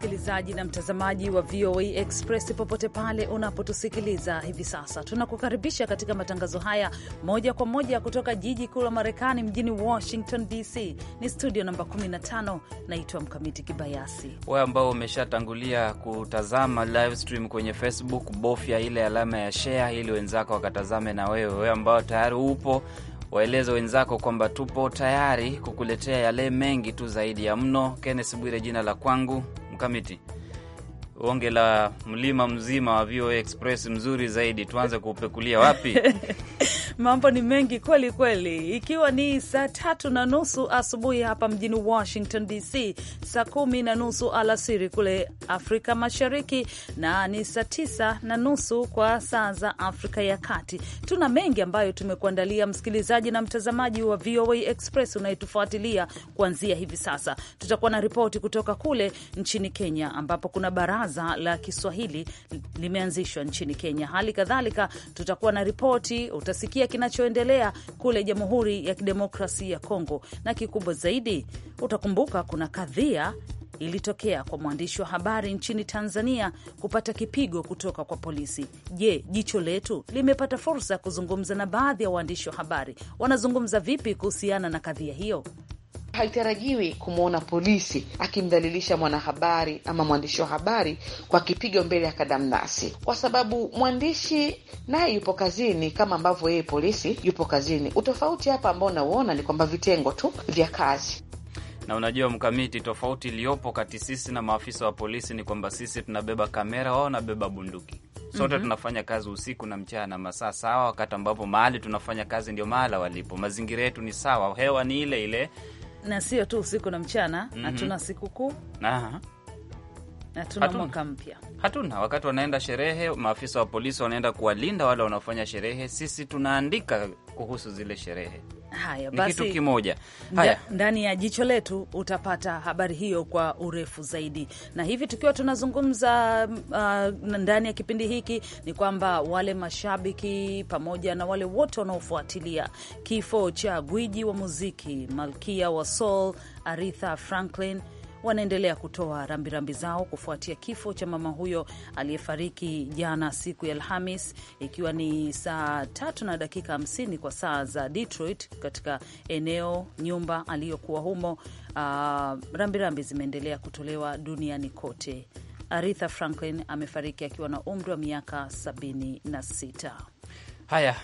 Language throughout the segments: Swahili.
msikilizaji na mtazamaji wa VOA Express popote pale unapotusikiliza hivi sasa, tunakukaribisha katika matangazo haya moja kwa moja kutoka jiji kuu la Marekani, mjini Washington DC. Ni studio namba 15, naitwa Mkamiti Kibayasi. Wewe ambao umeshatangulia kutazama live stream kwenye Facebook, bofya ile alama ya share ili wenzako wakatazame na wewe. Wewe ambao tayari upo waeleze wenzako kwamba tupo tayari kukuletea yale mengi tu zaidi ya mno. kennes Bwire jina la kwangu Mkamiti, onge la mlima mzima wa VOA Express mzuri zaidi, tuanze kuupekulia wapi? Mambo ni mengi kweli kweli, ikiwa ni saa tatu na nusu asubuhi hapa mjini Washington DC, saa kumi na nusu alasiri kule Afrika Mashariki, na ni saa tisa na nusu kwa saa za Afrika ya Kati. Tuna mengi ambayo tumekuandalia msikilizaji na mtazamaji wa VOA Express unayetufuatilia kuanzia hivi sasa. Tutakuwa na ripoti kutoka kule nchini Kenya ambapo kuna baraza la Kiswahili limeanzishwa nchini Kenya. Hali kadhalika tutakuwa na ripoti, utasikia kinachoendelea kule Jamhuri ya Kidemokrasia ya Kongo, na kikubwa zaidi, utakumbuka kuna kadhia ilitokea kwa mwandishi wa habari nchini Tanzania kupata kipigo kutoka kwa polisi. Je, jicho letu limepata fursa ya kuzungumza na baadhi ya waandishi wa habari. Wanazungumza vipi kuhusiana na kadhia hiyo? haitarajiwi kumwona polisi akimdhalilisha mwanahabari ama mwandishi wa habari kwa kipigo mbele ya kadamnasi, kwa sababu mwandishi naye yupo kazini kama ambavyo yeye polisi yupo kazini. Utofauti hapa ambao unauona ni kwamba vitengo tu vya kazi na unajua mkamiti, tofauti iliyopo kati sisi na maafisa wa polisi ni kwamba sisi tunabeba kamera, wao wanabeba bunduki. Sote mm -hmm. tunafanya kazi usiku na mchana, masaa sawa, wakati ambapo mahali tunafanya kazi ndio mahala walipo, mazingira yetu ni sawa, hewa ni ile ile na sio tu usiku na mchana. mm -hmm. Hatuna sikukuu hatuna mwaka mpya hatuna. Wakati wanaenda sherehe, maafisa wa polisi wanaenda kuwalinda wale wanaofanya sherehe. Sisi tunaandika kuhusu zile sherehe. Haya basi, kitu kimoja haya, ndani ya jicho letu utapata habari hiyo kwa urefu zaidi. Na hivi tukiwa tunazungumza uh, ndani ya kipindi hiki ni kwamba wale mashabiki pamoja na wale wote wanaofuatilia kifo cha gwiji wa muziki, malkia wa soul Aretha Franklin wanaendelea kutoa rambirambi rambi zao kufuatia kifo cha mama huyo aliyefariki jana siku ya Alhamis, ikiwa ni saa tatu na dakika hamsini kwa saa za Detroit, katika eneo nyumba aliyokuwa humo. Ah, rambirambi uh, rambi zimeendelea kutolewa duniani kote. aritha Franklin amefariki akiwa na umri wa miaka 76. Haya,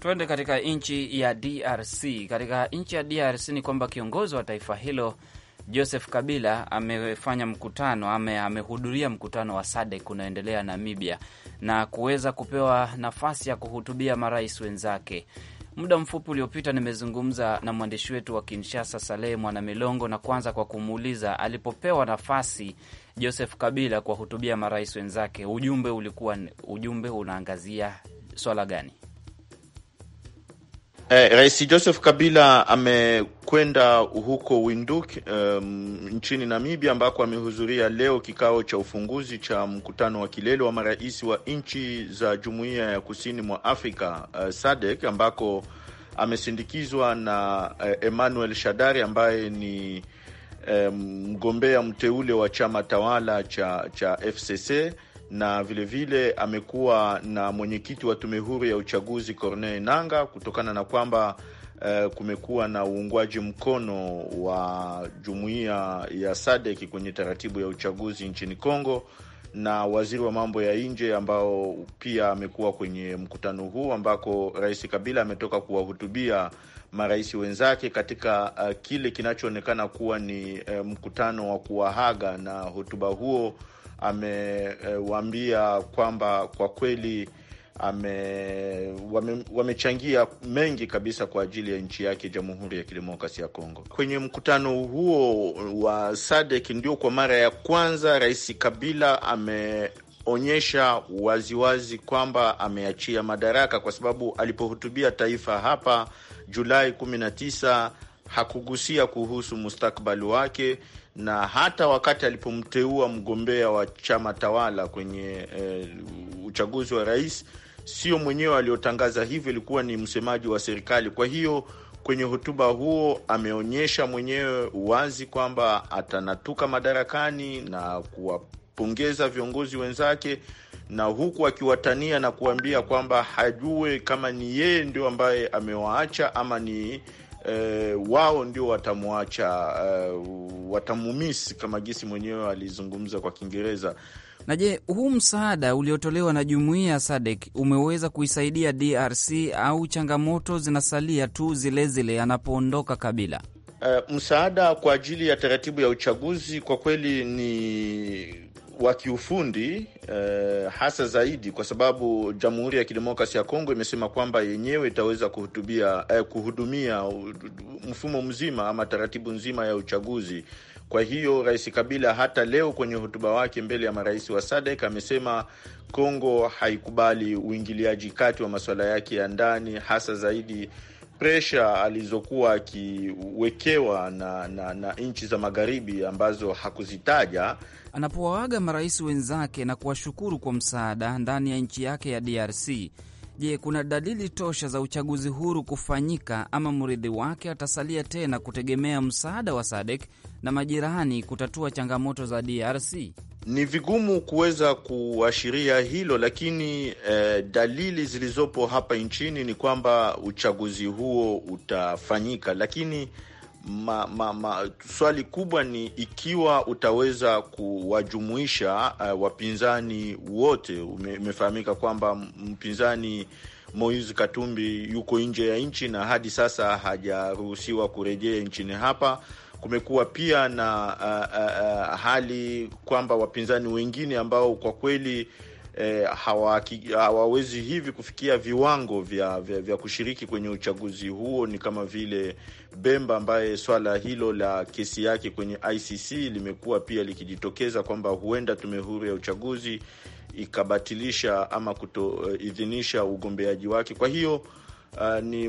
tuende katika nchi ya DRC. Katika nchi ya DRC ni kwamba kiongozi wa taifa hilo Joseph Kabila amefanya mkutano ame, amehudhuria mkutano wa SADC unaoendelea Namibia na kuweza kupewa nafasi ya kuhutubia marais wenzake. Muda mfupi uliopita nimezungumza na mwandishi wetu wa Kinshasa, Salehe Milongo, na kwanza kwa kumuuliza alipopewa nafasi Joseph Kabila kuwahutubia marais wenzake, ujumbe ulikuwa ujumbe unaangazia swala gani? Eh, Rais Joseph Kabila amekwenda huko Windhoek um, nchini Namibia ambako amehudhuria leo kikao cha ufunguzi cha mkutano wa kilele wa marais wa nchi za Jumuiya ya Kusini mwa Afrika uh, SADC ambako amesindikizwa na uh, Emmanuel Shadari ambaye ni eh, mgombea mteule wa chama tawala cha, cha FCC na vilevile vile amekuwa na mwenyekiti wa tume huru ya uchaguzi Corneille Nanga, kutokana na kwamba uh, kumekuwa na uungwaji mkono wa jumuiya ya SADC kwenye taratibu ya uchaguzi nchini Kongo, na waziri wa mambo ya nje ambao pia amekuwa kwenye mkutano huu ambako Rais Kabila ametoka kuwahutubia marais wenzake katika uh, kile kinachoonekana kuwa ni uh, mkutano wa kuwahaga, na hotuba huo amewaambia kwamba kwa kweli ame wamechangia wame mengi kabisa kwa ajili ya nchi yake Jamhuri ya Kidemokrasia ya Kongo. Kwenye mkutano huo wa SADC ndio kwa mara ya kwanza Rais Kabila ame onyesha waziwazi kwamba ameachia madaraka, kwa sababu alipohutubia taifa hapa Julai 19 hakugusia kuhusu mustakabali wake, na hata wakati alipomteua mgombea wa chama tawala kwenye e, uchaguzi wa rais, sio mwenyewe aliyotangaza hivyo, ilikuwa ni msemaji wa serikali. Kwa hiyo kwenye hotuba huo ameonyesha mwenyewe wazi kwamba atanatuka madarakani na kuwapongeza viongozi wenzake, na huku akiwatania na kuambia kwamba hajue kama ni yeye ndio ambaye amewaacha ama ni eh, wao ndio watamwacha eh, watamumisi kama gisi mwenyewe alizungumza kwa Kiingereza. Na je, huu msaada uliotolewa na jumuiya ya SADC umeweza kuisaidia DRC au changamoto zinasalia tu zilezile anapoondoka Kabila? E, msaada kwa ajili ya taratibu ya uchaguzi kwa kweli ni wa kiufundi eh, hasa zaidi kwa sababu Jamhuri ya Kidemokrasi ya Kongo imesema kwamba yenyewe itaweza kuhutubia, eh, kuhudumia mfumo mzima ama taratibu nzima ya uchaguzi. Kwa hiyo Rais Kabila hata leo kwenye hotuba wake mbele ya marais wa SADC amesema Kongo haikubali uingiliaji kati wa masuala yake ya ndani, hasa zaidi presha alizokuwa akiwekewa na, na, na nchi za magharibi ambazo hakuzitaja anapowaaga marais wenzake na kuwashukuru kwa msaada ndani ya nchi yake ya DRC. Je, kuna dalili tosha za uchaguzi huru kufanyika ama mrithi wake atasalia tena kutegemea msaada wa SADC na majirani kutatua changamoto za DRC? Ni vigumu kuweza kuashiria hilo, lakini eh, dalili zilizopo hapa nchini ni kwamba uchaguzi huo utafanyika, lakini ma, ma, ma, swali kubwa ni ikiwa utaweza kuwajumuisha uh, wapinzani wote. umefahamika kwamba mpinzani Moise Katumbi yuko nje ya nchi na hadi sasa hajaruhusiwa kurejea nchini hapa. Kumekuwa pia na uh, uh, uh, hali kwamba wapinzani wengine ambao kwa kweli E, hawawezi hivi kufikia viwango vya, vya, vya kushiriki kwenye uchaguzi huo ni kama vile Bemba ambaye swala hilo la kesi yake kwenye ICC limekuwa pia likijitokeza kwamba huenda tume huru ya uchaguzi ikabatilisha ama kutoidhinisha uh, ugombeaji wake. Kwa hiyo uh, ni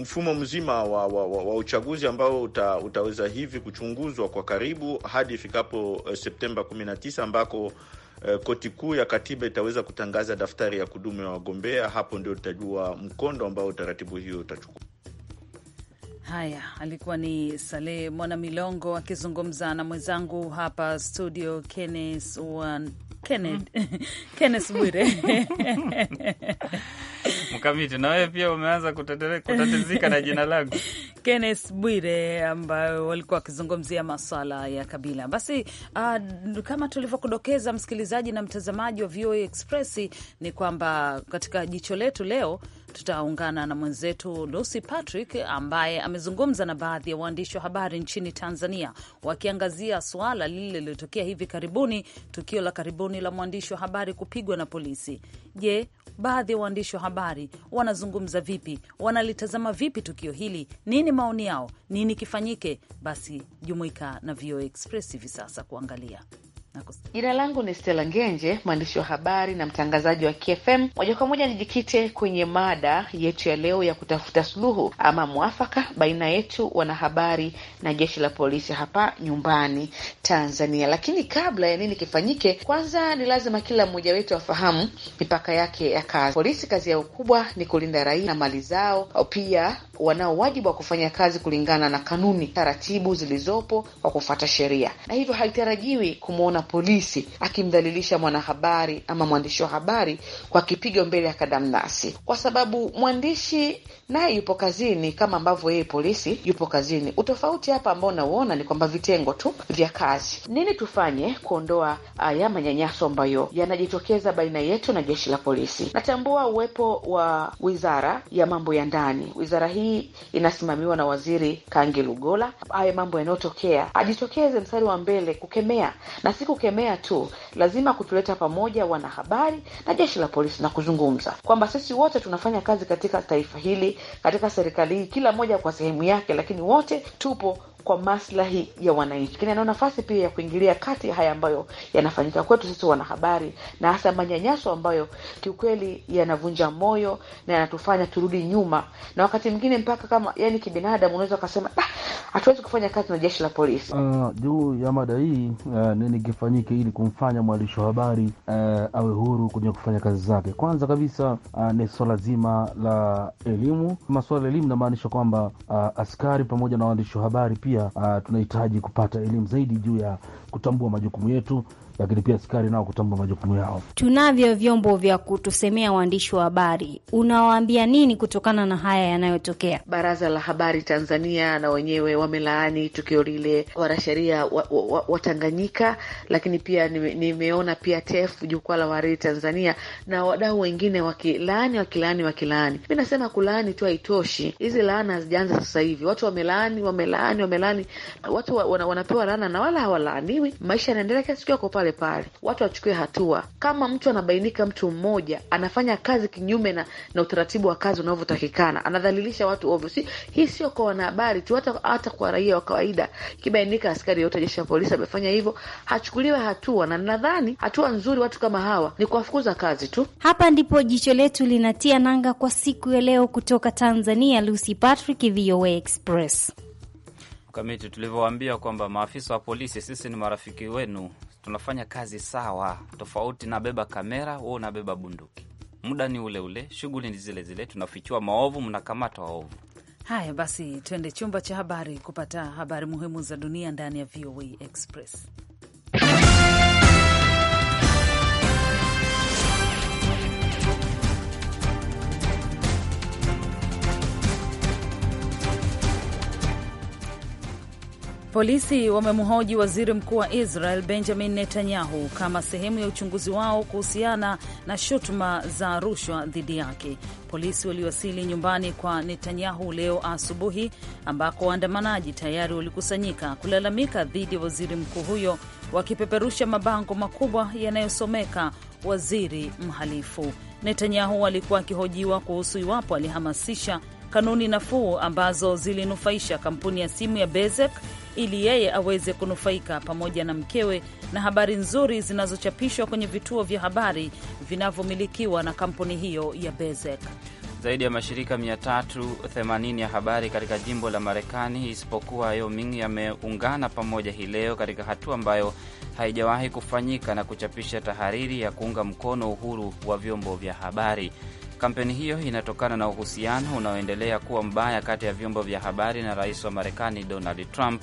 mfumo mzima wa, wa, wa, wa uchaguzi ambao uta, utaweza hivi kuchunguzwa kwa karibu hadi ifikapo uh, Septemba 19 ambako uh, koti kuu ya katiba itaweza kutangaza daftari ya kudumu ya wagombea. Hapo ndio tutajua mkondo ambao taratibu hiyo utachukua. Haya, alikuwa ni Saleh Mwanamilongo akizungumza na mwenzangu hapa studio Kenneth mm. Bwire. Mkamiti, na wewe pia umeanza kutatizika na jina langu Kenneth Bwire, ambayo walikuwa wakizungumzia maswala ya kabila. Basi uh, kama tulivyokudokeza msikilizaji na mtazamaji wa VOA Express ni kwamba katika jicho letu leo tutaungana na mwenzetu Lucy Patrick ambaye amezungumza na baadhi ya waandishi wa habari nchini Tanzania wakiangazia suala lile lilotokea hivi karibuni, tukio la karibuni la mwandishi wa habari kupigwa na polisi. Je, baadhi ya waandishi wa habari wanazungumza vipi? Wanalitazama vipi tukio hili? Nini maoni yao? Nini kifanyike? Basi jumuika na VOA Express hivi sasa kuangalia Jina langu ni Stella Ngenje, mwandishi wa habari na mtangazaji wa KFM. Moja kwa moja nijikite kwenye mada yetu ya leo ya kutafuta suluhu ama mwafaka baina yetu wanahabari na jeshi la polisi hapa nyumbani Tanzania. Lakini kabla ya nini kifanyike, kwanza ni lazima kila mmoja wetu afahamu mipaka yake ya kazi. Polisi kazi yao kubwa ni kulinda raia na mali zao, pia wanao wajibu wa kufanya kazi kulingana na kanuni, taratibu zilizopo kwa kufuata sheria, na hivyo haitarajiwi kumwona polisi akimdhalilisha mwanahabari ama mwandishi wa habari kwa kipigo mbele ya kadamnasi, kwa sababu mwandishi naye yupo kazini kama ambavyo yeye polisi yupo kazini. Utofauti hapa ambao unauona ni kwamba vitengo tu vya kazi. Nini tufanye kuondoa haya ah, manyanyaso ambayo yanajitokeza baina yetu na jeshi la polisi? Natambua uwepo wa wizara ya mambo ya ndani. Wizara hii hii inasimamiwa na Waziri Kangi Lugola. Haya mambo yanayotokea, ajitokeze mstari wa mbele kukemea, na si kukemea tu, lazima kutuleta pamoja wanahabari na jeshi la polisi na kuzungumza kwamba sisi wote tunafanya kazi katika taifa hili, katika serikali hii, kila mmoja kwa sehemu yake, lakini wote tupo kwa maslahi ya wananchi, lakini ana nafasi pia ya kuingilia kati haya ambayo yanafanyika kwetu sisi wanahabari, na hasa manyanyaso ambayo kiukweli yanavunja moyo na yanatufanya turudi nyuma, na wakati mwingine mpaka kama yani kibinadamu unaweza ukasema ah, hatuwezi kufanya kazi na jeshi la polisi. Uh, juu ya mada hii uh, nini kifanyike ili kumfanya mwandishi wa habari uh, awe huru kwenye kufanya kazi zake? Kwanza kabisa uh, ni swala zima la elimu. Maswala ya elimu namaanisha kwamba uh, askari pamoja na waandishi wa habari pia pia uh, tunahitaji kupata elimu zaidi juu ya kutambua majukumu yetu lakini pia askari nao kutambua majukumu yao. Tunavyo vyombo vya kutusemea waandishi wa habari, unawaambia nini kutokana na haya yanayotokea? Baraza la Habari Tanzania na wenyewe wamelaani tukio lile, wanasheria Watanganyika wa, wa, wa lakini pia nimeona pia TEF jukwaa la wahariri Tanzania na wadau wengine wakilaani wakilaani wakilaani. Mi nasema kulaani tu haitoshi, hizi laana hazijaanza sasa hivi. Watu wamelaani wamelaani wamelaani, watu wa, wana, wanapewa laana na wala hawalaaniwi, maisha yanaendelea kiasi kwa pale pale, watu wachukue hatua. Kama mtu anabainika, mtu mmoja anafanya kazi kinyume na, na utaratibu wa kazi unavyotakikana, anadhalilisha watu ovyo. Si, hii sio kwa wanahabari tu, hata, hata kwa raia wa kawaida. Kibainika askari yote jeshi la polisi amefanya hivyo, hachukuliwe hatua, na nadhani hatua nzuri watu kama hawa ni kuwafukuza kazi tu. Hapa ndipo jicho letu linatia nanga kwa siku ya leo. Kutoka Tanzania, Lucy Patrick, VOA Express. Kamiti, tulivyowaambia kwamba maafisa wa polisi, sisi ni marafiki wenu, tunafanya kazi sawa, tofauti nabeba kamera, wewe unabeba bunduki, muda ni ule ule, shughuli ni zile zile, tunafichua maovu, mnakamata waovu. Haya basi, twende chumba cha habari kupata habari muhimu za dunia ndani ya VOA Express. Polisi wamemhoji waziri mkuu wa Israel Benjamin Netanyahu kama sehemu ya uchunguzi wao kuhusiana na shutuma za rushwa dhidi yake. Polisi waliwasili nyumbani kwa Netanyahu leo asubuhi, ambako waandamanaji tayari walikusanyika kulalamika dhidi ya waziri mkuu huyo, wakipeperusha mabango makubwa yanayosomeka waziri mhalifu. Netanyahu alikuwa akihojiwa kuhusu iwapo alihamasisha kanuni nafuu ambazo zilinufaisha kampuni ya simu ya Bezek ili yeye aweze kunufaika pamoja na mkewe, na habari nzuri zinazochapishwa kwenye vituo vya habari vinavyomilikiwa na kampuni hiyo ya Bezek. Zaidi ya mashirika 380 ya habari katika jimbo la Marekani isipokuwa Wyoming yameungana pamoja hii leo katika hatua ambayo haijawahi kufanyika na kuchapisha tahariri ya kuunga mkono uhuru wa vyombo vya habari. Kampeni hiyo inatokana na uhusiano unaoendelea kuwa mbaya kati ya vyombo vya habari na rais wa Marekani Donald Trump,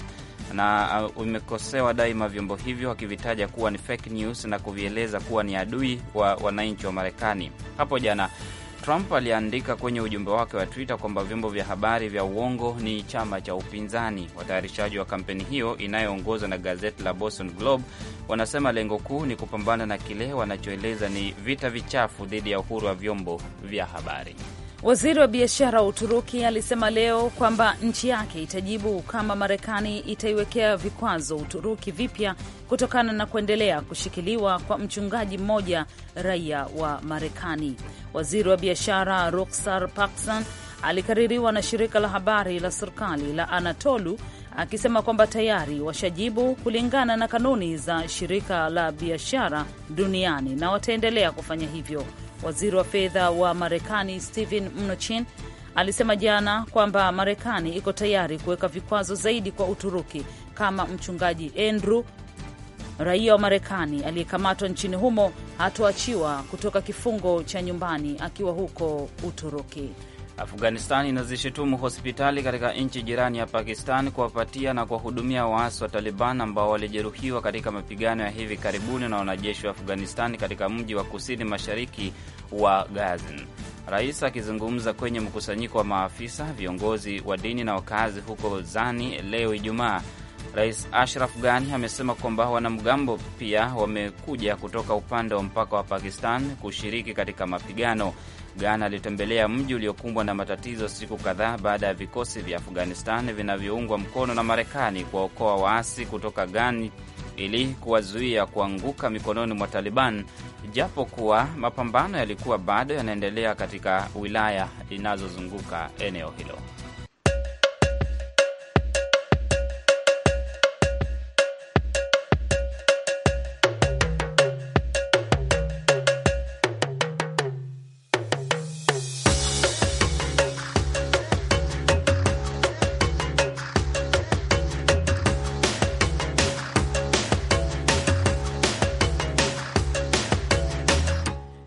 na uh, umekosewa daima vyombo hivyo akivitaja kuwa ni fake news na kuvieleza kuwa ni adui wa wananchi wa Marekani. Hapo jana Trump aliandika kwenye ujumbe wake wa Twitter kwamba vyombo vya habari vya uongo ni chama cha upinzani. Watayarishaji wa kampeni hiyo inayoongozwa na gazeti la Boston Globe wanasema lengo kuu ni kupambana na kile wanachoeleza ni vita vichafu dhidi ya uhuru wa vyombo vya habari. Waziri wa biashara wa Uturuki alisema leo kwamba nchi yake itajibu kama Marekani itaiwekea vikwazo Uturuki vipya kutokana na kuendelea kushikiliwa kwa mchungaji mmoja raia wa Marekani. Waziri wa biashara Ruksar Paksan alikaririwa na shirika la habari la serikali la Anatolu akisema kwamba tayari washajibu kulingana na kanuni za shirika la biashara duniani na wataendelea kufanya hivyo. Waziri wa fedha wa Marekani Steven Mnuchin alisema jana kwamba Marekani iko tayari kuweka vikwazo zaidi kwa Uturuki kama mchungaji Andrew raia wa Marekani aliyekamatwa nchini humo hatoachiwa kutoka kifungo cha nyumbani akiwa huko Uturuki. Afghanistan inazishutumu hospitali katika nchi jirani ya Pakistan kuwapatia na kuwahudumia waasi wa Taliban ambao walijeruhiwa katika mapigano ya hivi karibuni na wanajeshi wa Afghanistan katika mji wa kusini mashariki wa Ghazni. Rais akizungumza kwenye mkusanyiko wa maafisa, viongozi wa dini na wakazi huko Zani leo Ijumaa, Rais Ashraf Ghani amesema kwamba wanamgambo pia wamekuja kutoka upande wa mpaka wa Pakistan kushiriki katika mapigano. Ghana alitembelea mji uliokumbwa na matatizo siku kadhaa baada ya vikosi vya Afghanistan vinavyoungwa mkono na Marekani kuwaokoa waasi kutoka Gani ili kuwazuia kuanguka mikononi mwa Taliban, japo kuwa mapambano yalikuwa bado yanaendelea katika wilaya inazozunguka eneo hilo.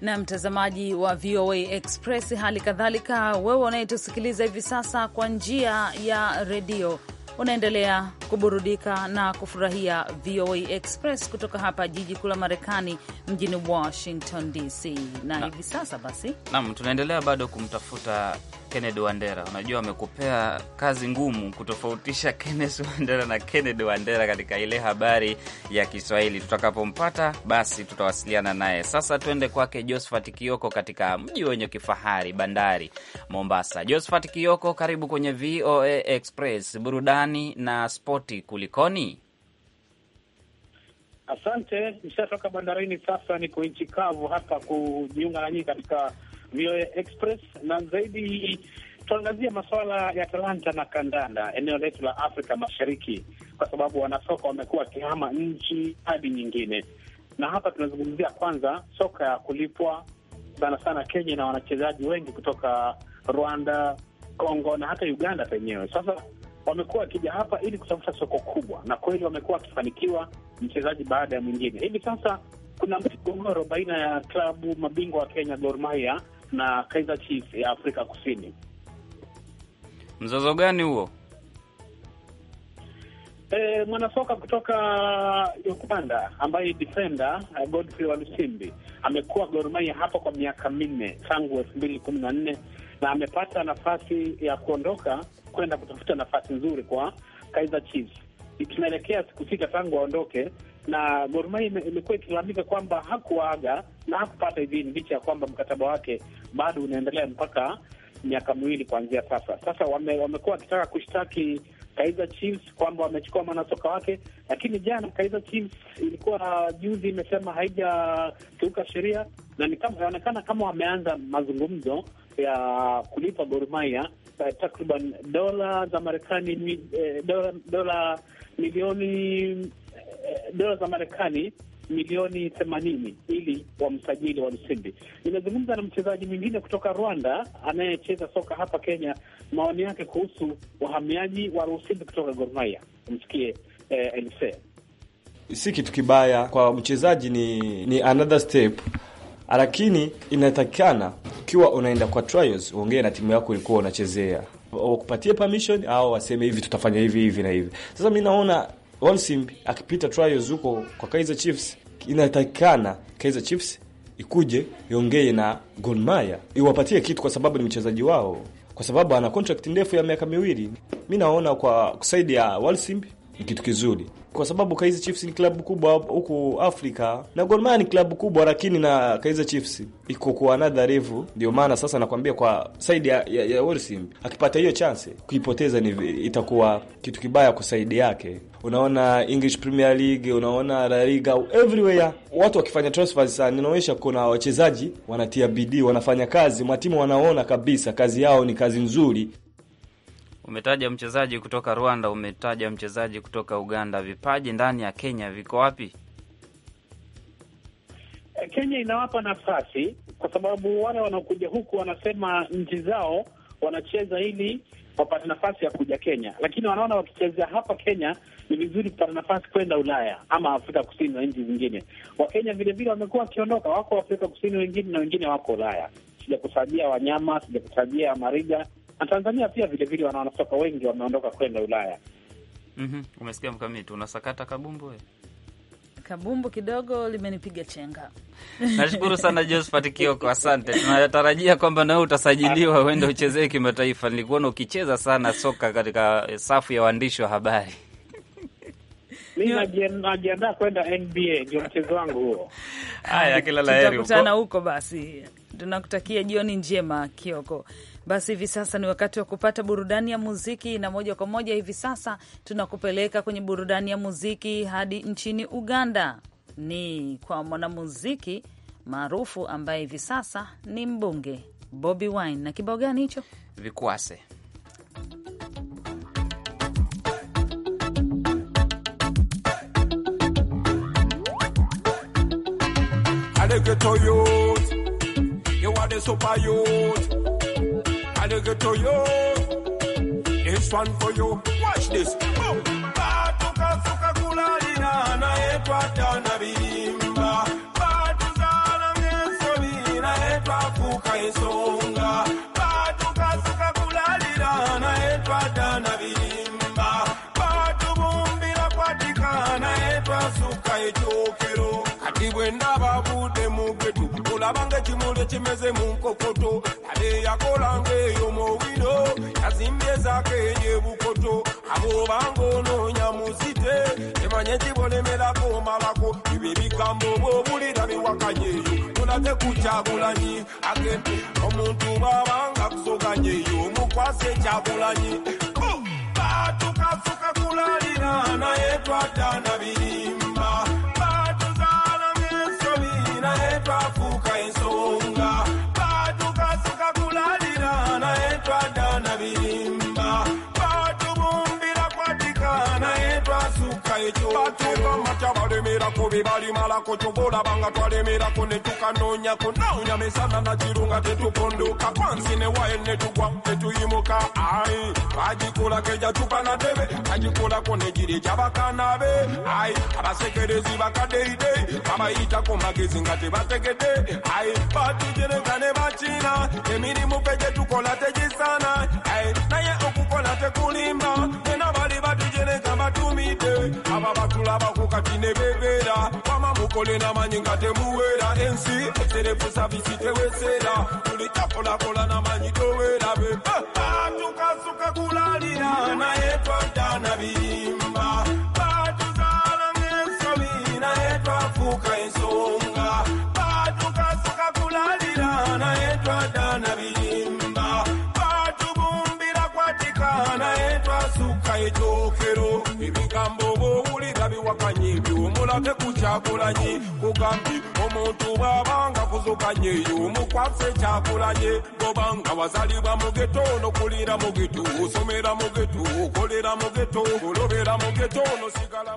na mtazamaji wa VOA Express, hali kadhalika wewe unayetusikiliza hivi sasa kwa njia ya redio, unaendelea kuburudika na kufurahia VOA Express kutoka hapa jiji kuu la Marekani, mjini Washington DC. Na, na hivi sasa basi, naam, tunaendelea bado kumtafuta Kennedy Wandera. Unajua amekupea kazi ngumu kutofautisha Kennes Wandera na Kennedy Wandera katika ile habari ya Kiswahili. Tutakapompata basi tutawasiliana naye. Sasa tuende kwake Josphat Kioko katika mji wenye kifahari bandari Mombasa. Josphat Kioko, karibu kwenye VOA Express burudani na sport ripoti kulikoni? Asante, nishatoka bandarini, sasa niko nchi kavu hapa kujiunga na nyinyi katika VOA Express na zaidi tuangazia masuala ya talanta na kandanda eneo letu la Afrika Mashariki, kwa sababu wanasoka wamekuwa wakihama nchi hadi nyingine, na hapa tunazungumzia kwanza soka ya kulipwa sana sana Kenya, na wanachezaji wengi kutoka Rwanda, Kongo na hata Uganda penyewe. Sasa wamekuwa wakija hapa ili kutafuta soko kubwa, na kweli wamekuwa wakifanikiwa mchezaji baada ya mwingine. Hivi sasa kuna mgogoro baina ya klabu mabingwa wa Kenya Gor Mahia na Kaizer Chiefs ya Afrika Kusini. Mzozo gani huo? E, mwanasoka kutoka Uganda ambaye defenda eh, Godfrey Walusimbi amekuwa Gor Mahia hapa kwa miaka minne tangu elfu mbili kumi na nne na amepata nafasi ya kuondoka kwenda kutafuta nafasi nzuri kwa Kaizer Chiefs. Tunaelekea siku sita tangu waondoke, na Gor Mahia imekuwa ikilalamika kwamba hakuaga na hakupata idhini, licha ya kwamba mkataba wake bado unaendelea mpaka miaka miwili kuanzia sasa. Sasa wame, wamekuwa wakitaka kushtaki Kaizer Chiefs kwamba wamechukua mwanasoka wake, lakini jana Kaizer Chiefs ilikuwa juzi imesema haijakiuka sheria na ni kama inaonekana kama wameanza mazungumzo ya kulipa Gor Mahia eh, takriban dola za Marekani eh, dola, dola milioni eh, dola za Marekani milioni themanini ili wamsajili wa Lusindi. Nimezungumza na mchezaji mwingine kutoka Rwanda anayecheza soka hapa Kenya, maoni yake kuhusu wahamiaji wa Lusindi kutoka Gor Mahia. Msikie eh, Elise. Si kitu kibaya kwa mchezaji, ni, ni another step lakini inatakikana ukiwa unaenda kwa trials uongee na timu yako ilikuwa unachezea, wakupatie permission au waseme hivi, tutafanya hivi hivi na hivi. Sasa mi naona Olsimb akipita trials huko kwa Kaizer Chiefs, inatakikana Kaizer Chiefs ikuje iongee na Gor Mahia iwapatie kitu, kwa sababu ni mchezaji wao, kwa sababu ana contract ndefu ya miaka miwili. Mi naona kwa kusaidia Olsimb ni kitu kizuri, kwa sababu Kaizer Chiefs ni klabu kubwa huku Afrika na Gor Mahia ni klabu kubwa, lakini na Kaizer Chiefs iko kwa another level. Ndio maana sasa nakwambia kwa side ya, ya, ya Wolfsim akipata hiyo chance kuipoteza ni itakuwa kitu kibaya kwa side yake. Unaona English Premier League, unaona La Liga, everywhere watu wakifanya transfers sana, ah, inaonyesha kuna wachezaji wanatia bidii, wanafanya kazi, matimu wanaona kabisa kazi yao ni kazi nzuri, Umetaja mchezaji kutoka Rwanda, umetaja mchezaji kutoka Uganda. Vipaji ndani ya Kenya viko wapi? Eh, Kenya inawapa nafasi kwa sababu wale wanaokuja huku wanasema nchi zao wanacheza ili wapate nafasi ya kuja Kenya, lakini wanaona wakichezea hapa Kenya ni vizuri kupata nafasi kwenda Ulaya ama Afrika Kusini na nchi zingine. Wakenya vilevile wamekuwa wakiondoka, wako Afrika Kusini wengine na wengine wako Ulaya. sijakusajia Wanyama, kusajia Mariga, na Tanzania pia vilevile wana wanasoka wengi wameondoka kwenda Ulaya. Mm -hmm. Umesikia Mkamiti, unasakata kabumbu we? Kabumbu kidogo limenipiga chenga. Nashukuru sana Josephat Kioko, asante. Tunatarajia kwamba nawe utasajiliwa uende uchezee kimataifa. Nilikuona ukicheza sana soka katika eh, safu ya waandishi wa habari. Mi najiandaa kwenda NBA, ndio mchezo wangu huo. Haya, kila la heri, tutakutana huko basi. Tunakutakia jioni njema Kioko. Basi hivi sasa ni wakati wa kupata burudani ya muziki, na moja kwa moja hivi sasa tunakupeleka kwenye burudani ya muziki hadi nchini Uganda. Ni kwa mwanamuziki maarufu ambaye hivi sasa ni mbunge Bobi Wine, na kibao gani hicho? Vikwase. Hey, hey, hey. I look to you. This one for you. Watch this. Batuka suka kula ina na epa tana bimba. Batuka na mjeso ina epa kuka esonga. Batuka suka kula ina na epa tana bimba. Batu bumbi na kwa tika na epa suka echokero. Kati wenda babu demu getu. Ula bange chimule chimeze munko koto. eyakola ng'eyo mowino yazimbye zake yebukoto agoba ng'onoonya muzite emanye kibolemerako malako ibyo ebigambo bwobulira biwakanye eyo tonate kukyagulanyi agembe omuntu bw'aba nga kusoganye eyo omukwasa ekyagulanyi batukasuka kulalira naye twatanabiri bafubi balimalako tubula banga twalemerako ne tukanoonya kunoonya misana na kirunga tetuponduka kwansi ne waye ne tugwa tetuyimuka ai bagikulako ejacupa na tebe bagikulako ne jiri ejabakana be ai abasekerezi bakadeidei babayitako magezi nga tebategede ai batujereka ne bacina emirimu fe gyetukola tegisana ai naye okukola tekulimba batulaba ku katine bebeera wama mukole n'amanyi nga temuweera ensi eterepu savisi teweseera tuli takolakola n'amanyi toweera be kyakulanye kugambye omuntu bw'abanga kuzukanye eyo kyakulanye gobanga wazalibwa mu nokulira mu geto osomera mu geto okolera mu nosigala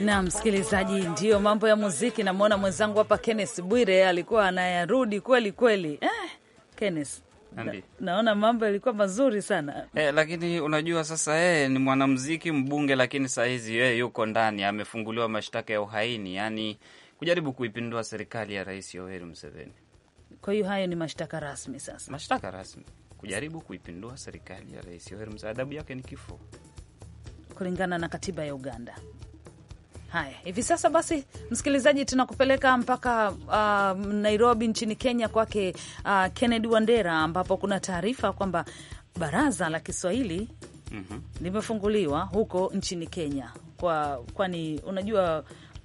Na msikilizaji, ndiyo mambo ya muziki. Namwona mwenzangu hapa Kenneth Bwire alikuwa anayarudi kweli kweli. Eh, Kenneth na, naona mambo yalikuwa mazuri sana e, lakini unajua sasa yeye eh, ni mwanamuziki mbunge, lakini saa hizi yeye eh, yuko ndani amefunguliwa mashtaka ya uhaini, yani kujaribu kuipindua serikali ya Rais Yoweri Museveni. Kwa hiyo hayo ni mashtaka rasmi sasa, mashtaka rasmi kujaribu kuipindua serikali ya Rais Yoweri Museveni, yake ni kifo kulingana na katiba ya Uganda. Haya, hivi sasa basi, msikilizaji, tunakupeleka mpaka uh, Nairobi nchini Kenya, kwake uh, Kennedy Wandera, ambapo kuna taarifa kwamba baraza la Kiswahili mm -hmm. limefunguliwa huko nchini Kenya, kwa kwani unajua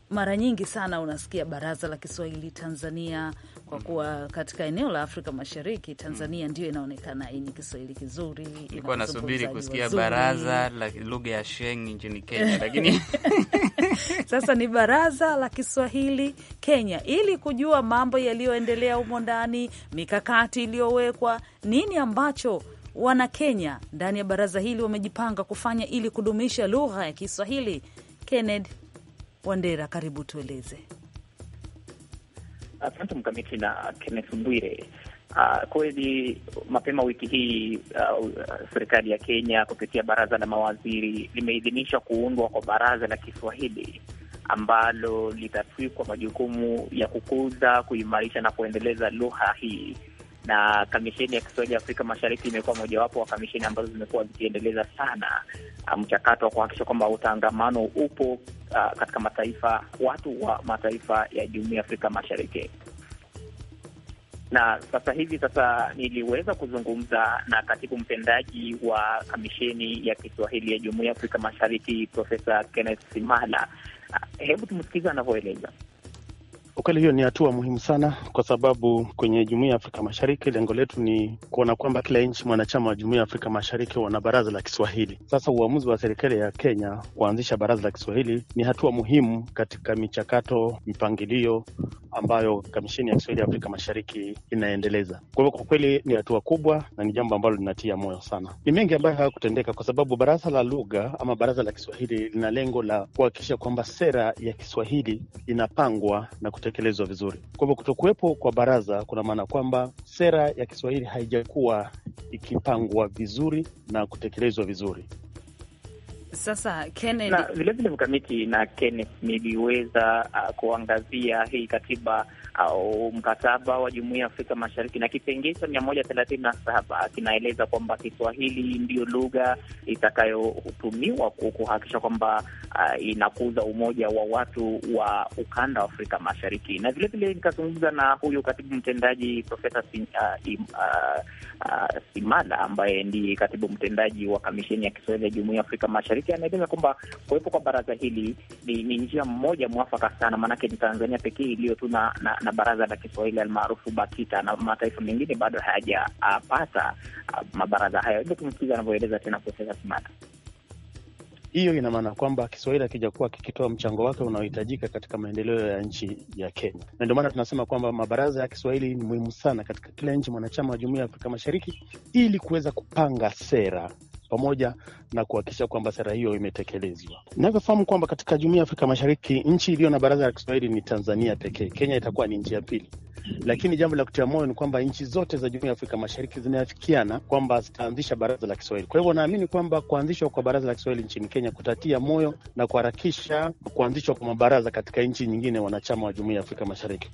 mara nyingi sana unasikia baraza la Kiswahili Tanzania kwa kuwa katika eneo la Afrika Mashariki, Tanzania ndio inaonekana ni Kiswahili kizuri. Nilikuwa nasubiri kusikia baraza la lugha ya Sheng nchini Kenya lakini sasa ni baraza la Kiswahili Kenya, ili kujua mambo yaliyoendelea humo ndani, mikakati iliyowekwa, nini ambacho wana Kenya ndani ya baraza hili wamejipanga kufanya ili kudumisha lugha ya Kiswahili. Kenneth Wandera, karibu tueleze. Asante Mkamiti na Kenneth Mbwire. Uh, kweli mapema wiki hii uh, serikali ya Kenya kupitia baraza la mawaziri limeidhinisha kuundwa kwa baraza la Kiswahili ambalo litatwikwa majukumu ya kukuza, kuimarisha na kuendeleza lugha hii na kamisheni ya Kiswahili ya Afrika Mashariki imekuwa mojawapo wa kamisheni ambazo zimekuwa zikiendeleza sana uh, mchakato wa kuhakikisha kwamba utangamano upo uh, katika mataifa watu wa mataifa ya Jumuiya ya Afrika Mashariki. Na sasa hivi sasa niliweza kuzungumza na katibu mtendaji wa kamisheni ya Kiswahili ya Jumuiya ya Afrika Mashariki Profesa Kenneth Simala. Uh, hebu tumsikiza anavyoeleza. Kwa kweli hiyo ni hatua muhimu sana, kwa sababu kwenye jumuia ya Afrika Mashariki lengo letu ni kuona kwamba kila nchi mwanachama wa jumuia ya Afrika Mashariki wana baraza la Kiswahili. Sasa uamuzi wa serikali ya Kenya kuanzisha baraza la Kiswahili ni hatua muhimu katika michakato, mipangilio ambayo Kamisheni ya Kiswahili ya Afrika Mashariki inaendeleza. Kwa hivyo kwa kweli ni hatua kubwa na ni jambo ambalo linatia moyo sana. Ni mengi ambayo hayakutendeka kwa sababu baraza la lugha ama baraza la Kiswahili lina lengo la kuhakikisha kwamba sera ya Kiswahili inapangwa na kutekelezwa vizuri. Kwa hivyo kutokuwepo kwa baraza kuna maana kwamba sera ya Kiswahili haijakuwa ikipangwa vizuri na kutekelezwa vizuri. Sasa Kennedy... na vilevile mkamiti na Kenneth niliweza uh, kuangazia hii katiba au mkataba wa Jumuiya ya Afrika Mashariki na kipengee cha mia moja thelathini na saba kinaeleza kwamba Kiswahili ndiyo lugha itakayotumiwa kuhakikisha kwamba uh, inakuza umoja wa watu wa ukanda wa Afrika Mashariki. Na vilevile nikazungumza na huyu katibu mtendaji Profesa Sim, uh, uh, uh, Simala ambaye ndiye katibu mtendaji wa Kamisheni ya Kiswahili ya Jumuiya ya Afrika Mashariki, anaeleza kwamba kuwepo kwa baraza hili ni, ni njia mmoja mwafaka sana, maanake ni Tanzania pekee iliyo tu na na baraza la Kiswahili almaarufu BAKITA na mataifa mengine bado hayajapata ah, mabaraza hayo. Hivyo tumesikiza anavyoeleza tena Profesa Simana. Hiyo ina maana kwamba Kiswahili akijakuwa kikitoa mchango wake unaohitajika katika maendeleo ya nchi ya Kenya, na ndio maana tunasema kwamba mabaraza ya Kiswahili ni muhimu sana katika kila nchi mwanachama wa Jumuiya ya Afrika Mashariki ili kuweza kupanga sera pamoja na kuhakikisha kwamba sera hiyo imetekelezwa. Inavyofahamu kwamba katika jumuia ya Afrika Mashariki nchi iliyo na baraza la Kiswahili ni Tanzania pekee, Kenya itakuwa ni nchi ya pili. Lakini jambo la kutia moyo ni kwamba nchi zote za jumuia ya Afrika Mashariki zimeafikiana kwamba zitaanzisha baraza la Kiswahili. Kwa hivyo naamini kwamba kuanzishwa kwa baraza la Kiswahili nchini Kenya kutatia moyo na kuharakisha kuanzishwa kwa mabaraza katika nchi nyingine wanachama wa jumuia ya Afrika Mashariki.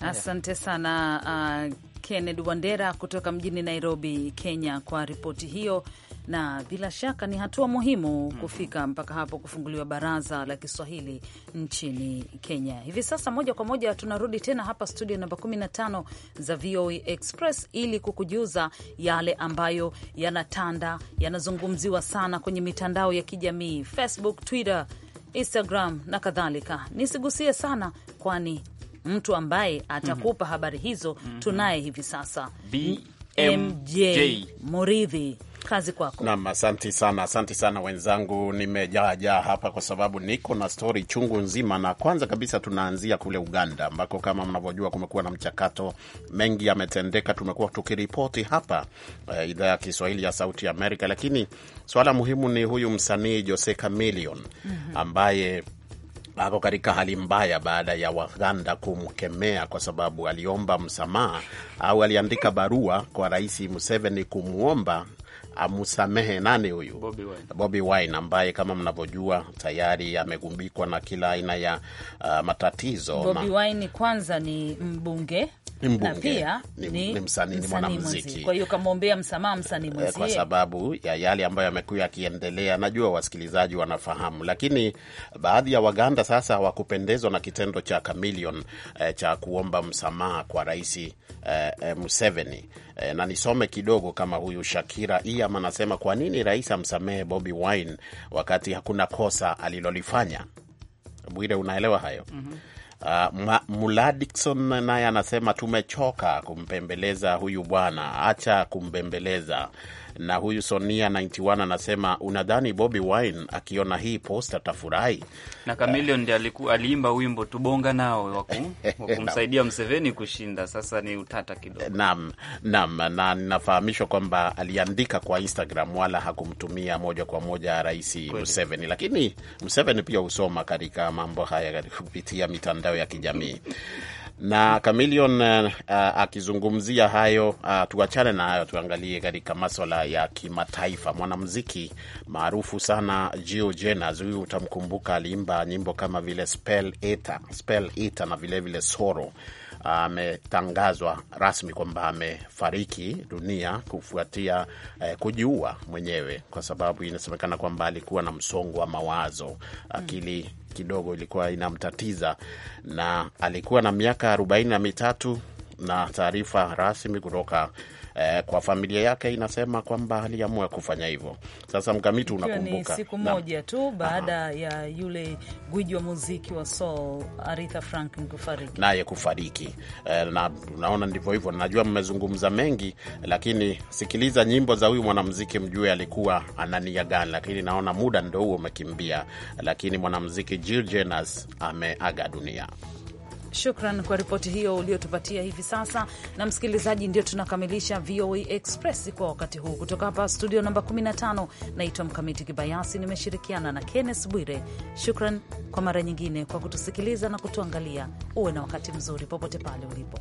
Asante sana uh... Kenneth Wandera kutoka mjini Nairobi, Kenya, kwa ripoti hiyo. Na bila shaka ni hatua muhimu kufika mpaka hapo kufunguliwa baraza la Kiswahili nchini Kenya. Hivi sasa moja kwa moja tunarudi tena hapa studio namba 15 za VOA e Express ili kukujuza yale ambayo yanatanda, yanazungumziwa sana kwenye mitandao ya kijamii, Facebook, Twitter, Instagram na kadhalika. Nisigusie sana, kwani mtu ambaye mhm. atakupa habari hizo mhm. tunaye hivi sasa BMJ Moridhi. Kazi kwako. Naam, asante sana, asanti sana wenzangu, nimejaajaa hapa kwa sababu niko na stori chungu nzima, na kwanza kabisa tunaanzia kule Uganda ambako kama mnavyojua kumekuwa na mchakato, mengi yametendeka, tumekuwa tukiripoti hapa uh, idhaa ya Kiswahili ya Sauti Amerika, lakini swala muhimu ni huyu msanii Jose Chameleone mhm. ambaye ako katika hali mbaya baada ya Waganda kumkemea kwa sababu aliomba msamaha au aliandika barua kwa Rais Museveni kumwomba amsamehe nani huyu Bobi Wine, Wine ambaye kama mnavyojua tayari amegumbikwa na kila aina ya uh, matatizo. Bobi Wine kwanza ni mbunge ni mbunge, na pia ni, ni, ni msanii, ni mwanamuziki. Kwa hiyo kamwombea msamaha msanii eh, mwenzie, kwa sababu ya yale ambayo yamekuwa yakiendelea. Najua wasikilizaji wanafahamu, lakini baadhi ya Waganda sasa hawakupendezwa na kitendo cha Chameleone eh, cha kuomba msamaha kwa rais eh, eh, Museveni eh, na nisome kidogo kama huyu Shakira Iam anasema, kwa nini rais amsamehe Bobi Wine wakati hakuna kosa alilolifanya? Bwire, unaelewa hayo? mm -hmm. Uh, Muladikson naye anasema tumechoka kumpembeleza huyu bwana, acha kumbembeleza. Na huyu Sonia 91 anasema unadhani Bobi Wine akiona hii post atafurahi? Na Chameleon uh, ndiye aliimba wimbo tubonga nao wa kumsaidia Mseveni kushinda. Sasa ni utata kidogo. Naam, naam, na ninafahamishwa kwamba aliandika kwa Instagram wala hakumtumia moja kwa moja Rais Museveni, lakini Museveni pia husoma katika mambo haya kupitia mitandao mitandao ya kijamii na Kamilion uh, uh, akizungumzia hayo uh, tuachane na hayo, tuangalie katika maswala ya kimataifa. mwanamziki maarufu sana Geo Jenners, huyu utamkumbuka, aliimba nyimbo kama vile Spell Eater, Spell Eater na vilevile Sorrow ametangazwa rasmi kwamba amefariki dunia kufuatia eh, kujiua mwenyewe, kwa sababu inasemekana kwamba alikuwa na msongo wa mawazo, hmm. akili kidogo ilikuwa inamtatiza, na alikuwa na miaka arobaini na mitatu na taarifa rasmi kutoka eh, kwa familia yake inasema kwamba aliamua kufanya hivyo. Sasa mkamiti, unakumbuka siku moja tu baada Aha. ya yule gwiji wa muziki wa soul Aretha Franklin kufariki, naye kufariki eh, na unaona ndivyo hivyo. Najua mmezungumza mengi, lakini sikiliza nyimbo za huyu mwanamuziki mjue alikuwa anania gani, lakini naona muda ndo huo umekimbia, lakini mwanamuziki Jill ameaga dunia. Shukran kwa ripoti hiyo uliotupatia hivi sasa. Na msikilizaji, ndio tunakamilisha VOA Express kwa wakati huu kutoka hapa studio namba 15. Naitwa Mkamiti Kibayasi, nimeshirikiana na Kenneth Bwire. Shukran kwa mara nyingine kwa kutusikiliza na kutuangalia. Uwe na wakati mzuri popote pale ulipo.